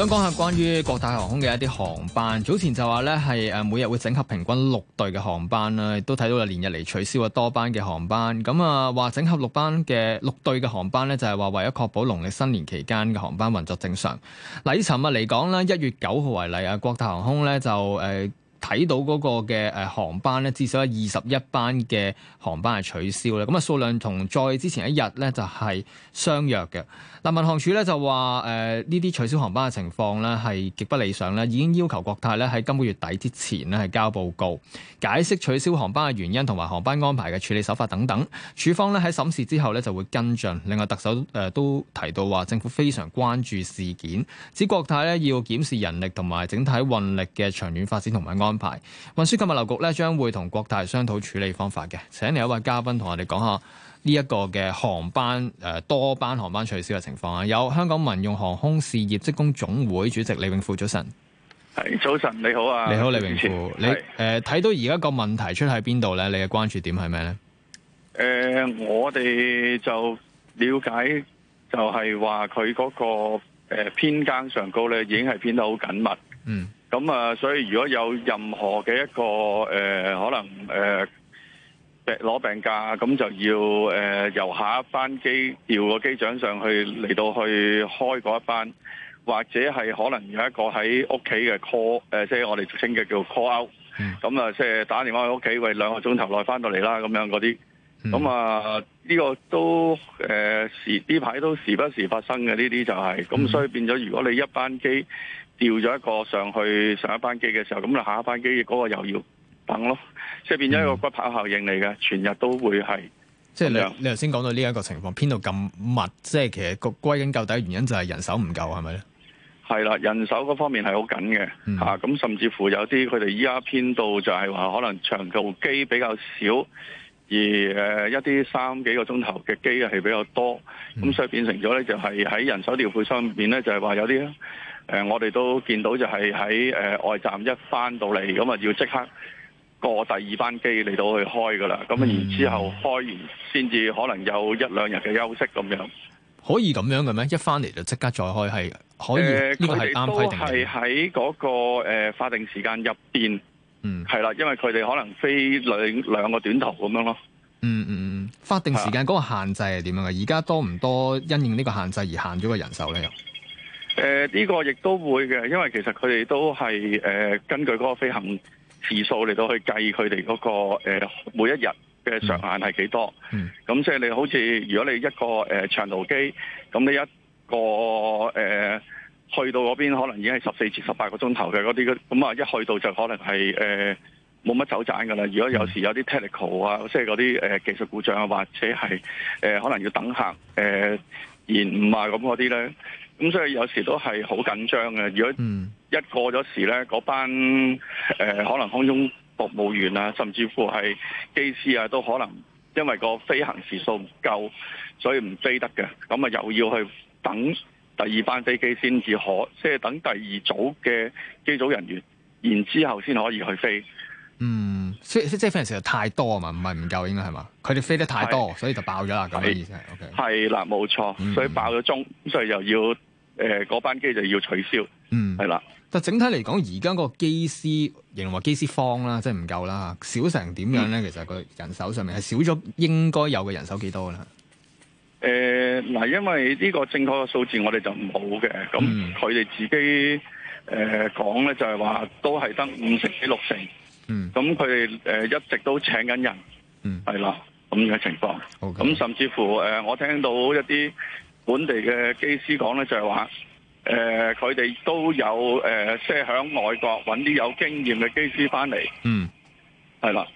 想講下關於國泰航空嘅一啲航班，早前就話咧係誒每日會整合平均六對嘅航班啦，亦都睇到啊連日嚟取消咗多班嘅航班。咁啊話整合六班嘅六對嘅航班咧，就係話為咗確保農曆新年期間嘅航班運作正常。嗱，以尋日嚟講咧，一月九號為例啊，國泰航空咧就誒。呃睇到嗰個嘅，誒航班咧，至少有二十一班嘅航班係取消啦。咁啊數量同再之前一日咧就係相若嘅。嗱，民航處咧就話誒呢啲取消航班嘅情況咧係極不理想啦，已經要求國泰咧喺今個月底之前咧係交報告解釋取消航班嘅原因同埋航班安排嘅處理手法等等。處方咧喺審視之後咧就會跟進。另外特首誒都提到話政府非常關注事件，指國泰咧要檢視人力同埋整體運力嘅長遠發展同埋安排。安排運輸及物流局咧，將會同國泰商討處理方法嘅，請嚟一位嘉賓同我哋講下呢一個嘅航班誒、呃，多班航班取消嘅情況啊！有香港民用航空事業職工總會主席李永富早晨，係早晨，你好啊！你好，李永富，你誒，睇是、呃、到而家個問題出喺邊度咧？你嘅關注點係咩咧？誒、呃，我哋就了解，就、那個，就係話佢嗰個誒編更上高咧，已經係編得好緊密，嗯。咁啊，所以如果有任何嘅一個誒、呃，可能誒攞、呃、病假咁就要誒、呃、由下一班機調個機長上去嚟到去開嗰一班，或者係可能有一個喺屋企嘅 call，即、呃、係我哋俗稱嘅叫 call out。咁啊，即係打電話去屋企，喂兩個鐘頭內翻到嚟啦，咁樣嗰啲。咁、mm. 啊，呢、這個都誒、呃、時，呢排都時不時發生嘅呢啲就係、是。咁所以變咗，如果你一班機，掉咗一個上去上一班機嘅時候，咁啊下一班機嗰個又要等咯，即係變咗一個骨牌效應嚟嘅，全日都會係、嗯。即係你你頭先講到呢一個情況，編到咁密，即係其實個歸根究底原因就係人手唔夠，係咪咧？係啦，人手嗰方面係好緊嘅咁、嗯啊、甚至乎有啲佢哋依家編到就係話可能長途機比較少，而誒一啲三幾個鐘頭嘅機啊係比較多，咁、嗯、所以變成咗咧就係喺人手調配上面咧就係話有啲誒、呃，我哋都見到就係喺誒外站一返到嚟，咁啊要即刻過第二班機嚟到去開噶啦。咁啊、嗯，然之後開完先至可能有一兩日嘅休息咁樣。可以咁樣嘅咩？一返嚟就即刻再開係可以？呢、呃、個係啱規定嘅。佢哋都係喺嗰、嗰個、呃、法定時間入邊，嗯，係啦，因為佢哋可能飛兩兩個短途咁樣咯。嗯嗯嗯，法定時間嗰個限制係點樣嘅？而家多唔多因應呢個限制而限咗個人手咧？誒呢、呃這個亦都會嘅，因為其實佢哋都係誒、呃、根據嗰個飛行時數嚟到去計佢哋嗰個、呃、每一日嘅上限係幾多。咁即係你好似如果你一個誒長途機，咁、呃、你一個誒、呃、去到嗰邊可能已經係十四至十八個鐘頭嘅嗰啲嗰，咁啊一去到就可能係誒冇乜走盞㗎啦。如果有時有啲 technical 啊，即係嗰啲技術故障啊，或者係誒、呃、可能要等客誒延誤啊咁嗰啲咧。咁、嗯、所以有時都係好緊張嘅。如果一過咗時咧，嗰班誒、呃、可能空中服務員啊，甚至乎係機師啊，都可能因為嗰個飛行時數唔夠，所以唔飛得嘅。咁啊，又要去等第二班飛機先至可，即係等第二組嘅機組人員，然之後先可以去飛。嗯，即即係飛時實在太多啊嘛，唔係唔夠應該係嘛？佢哋飛得太多，是所以就爆咗啦。咁是意思係，OK。係啦，冇錯，所以爆咗鐘，所以又要。誒，嗰、呃、班機就要取消。嗯，係啦的。但整體嚟講，而家個機師，形容話機師荒啦，即係唔夠啦，少成點樣咧？嗯、其實個人手上面係少咗應該有嘅人手幾多啦。誒，嗱，因為呢個正確嘅數字我哋就冇嘅，咁佢哋自己誒講咧，呃、就係話都係得五成幾六成。嗯。咁佢哋誒一直都請緊人。嗯。係啦。咁嘅情況。咁 Okay. 甚至乎誒、呃，我聽到一啲。本地嘅機師講咧就係話，誒佢哋都有誒，即係響外國搵啲有經驗嘅機師返嚟，嗯，係啦。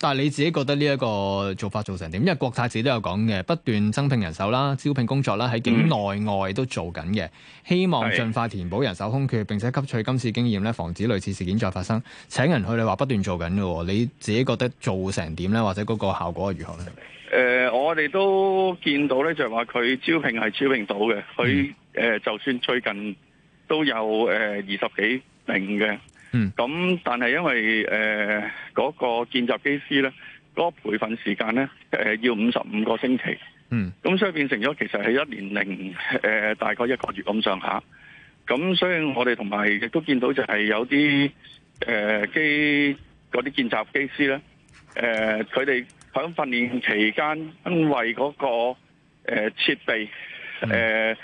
但係你自己覺得呢一個做法做成點？因為國泰自己都有講嘅，不斷增聘人手啦，招聘工作啦，喺境內外都做緊嘅，嗯、希望盡快填補人手空缺，並且吸取今次經驗咧，防止類似事件再發生。請人去你話不斷做緊嘅，你自己覺得做成點呢？或者嗰個效果係如何呢、呃？我哋都見到呢，就係話佢招聘係招聘到嘅，佢、嗯呃、就算最近都有二十幾名嘅。嗯，咁但係因為誒嗰個見習機師咧，嗰個培訓時間咧，誒要五十五個星期，嗯，咁所以變成咗其實係一年零誒大概一個月咁上下，咁所以我哋同埋亦都見到就係有啲誒機嗰啲見習機師咧，誒佢哋響訓練期間因為嗰個誒設備誒。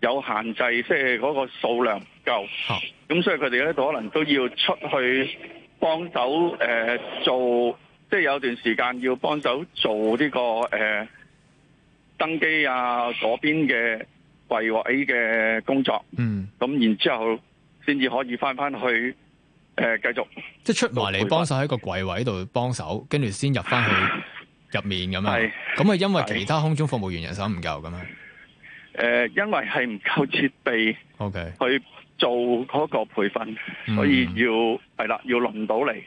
有限制，即係嗰個數量唔夠，咁所以佢哋咧都可能都要出去幫手，誒做即係有段時間要幫手做呢個誒登機啊嗰邊嘅櫃位嘅工作。嗯，咁然之後先至可以翻翻去誒繼續，即係出埋嚟幫手喺個櫃位度幫手，跟住先入翻去入面咁啊。咁啊，因為其他空中服務員人手唔夠咁啊。誒，因為係唔夠設備，OK，去做嗰個培訓，OK。所以要係啦、嗯，要輪到你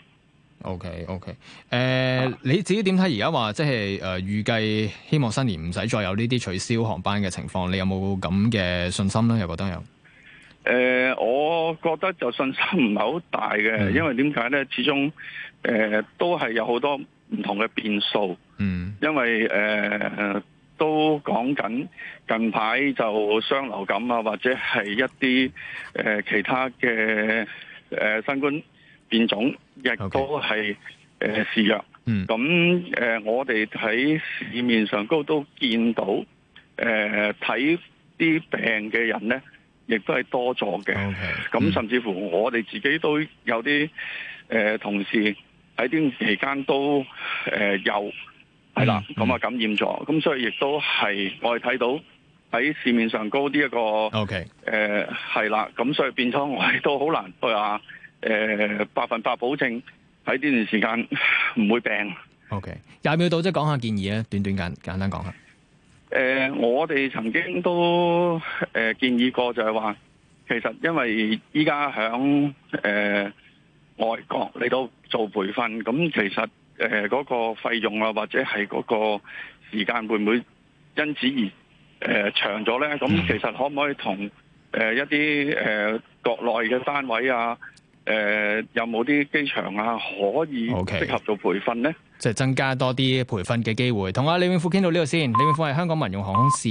，OK，OK。誒，你自己點睇而家話，即係誒，呃、預計希望新年唔使再有呢啲取消航班嘅情況，你有冇咁嘅信心咧？又覺得有？誒、呃，我覺得就信心唔係好大嘅，嗯、因為點解咧？始終誒、呃，都係有好多唔同嘅變數，嗯，因為誒。呃都講緊近排就傷流感啊，或者係一啲、呃、其他嘅、呃、新冠變種，亦都係誒肆虐。嗯，咁、呃、我哋喺市面上都都見到睇啲、呃、病嘅人咧，亦都係多咗嘅。咁 Okay. 甚至乎我哋自己都有啲、呃、同事喺段期間都誒有。係啦，咁啊、嗯、感染咗，咁、嗯、所以亦都係我哋睇到喺市面上高啲、這、一個。O Okay . K、呃。誒，係啦，咁所以變咗我哋都好難去啊，誒、呃，百分百保證喺呢段時間唔會病。O、okay. K。廿秒到即係，講下建議啊，短短簡簡單講下。誒、呃，我哋曾經都誒、呃、建議過，就係話，其實因為依家響誒外國嚟到做培訓，咁其實。誒、呃那個費用啊，或者係個時間會唔會因此而誒長咗咧？咁其實可唔可以同誒一啲誒、呃、國內嘅單位啊，誒、呃、有冇啲機場啊可以適合做培訓咧？即係、okay. 增加多啲培訓嘅機會，同阿李永富傾到呢度先。李永富係香港民用航空事。